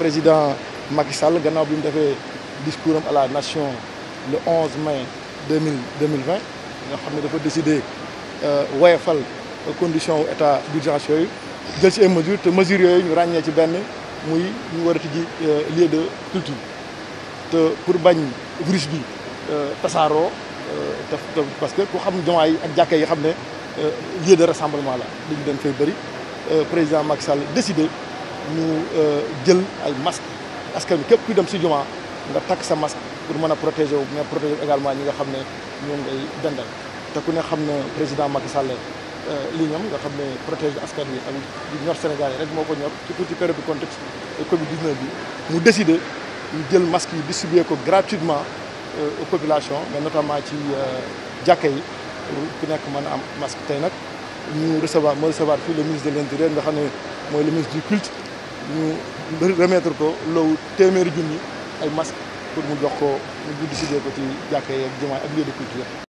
président Macky Sall gannaaw bi mu discours à la nation le 11 mai 2020 Il a décidé de décidé woyefal conditions conditions état d'urgence Il a pris ay mesures te mesures mesure ñu ràññee ci benn muy ñu war a tijji euh, de culture te pour le virus bi euh, tasaaroo daf euh, parce que gens xam jumaay ak jàkka yi xam liés lieu de rassemblement la dañu de fay Le président Macky Sall décidé ñu euh, jël ay masque askan bi képp kuy dem si jumaa nga takk sa masque pour mën a protéger wu mais protéger également ñi nga xam ne ñoom ngay dendal te ku ne xam ne président Macky Sall euh, li ñoom nga xam ne protéger askan bi ak di ñor Sénégal yi rek moo ko ñor ci période bi contexte Covid 19 bi mu décidé jël masque yi distribuer ko gratuitement euh, aux populations mais notamment ci jàkka yi pour ku nekk mën am masque tey nag ñu recevoir moo recevoir fii le ministre de l' intérieur nga xam ne mooy le ministre du culte ñu remettre ko loowu téeméeri junni ay masque pour mu jox ko mu distribuer ko ci jàkkee ak jumaa ak lieu de culture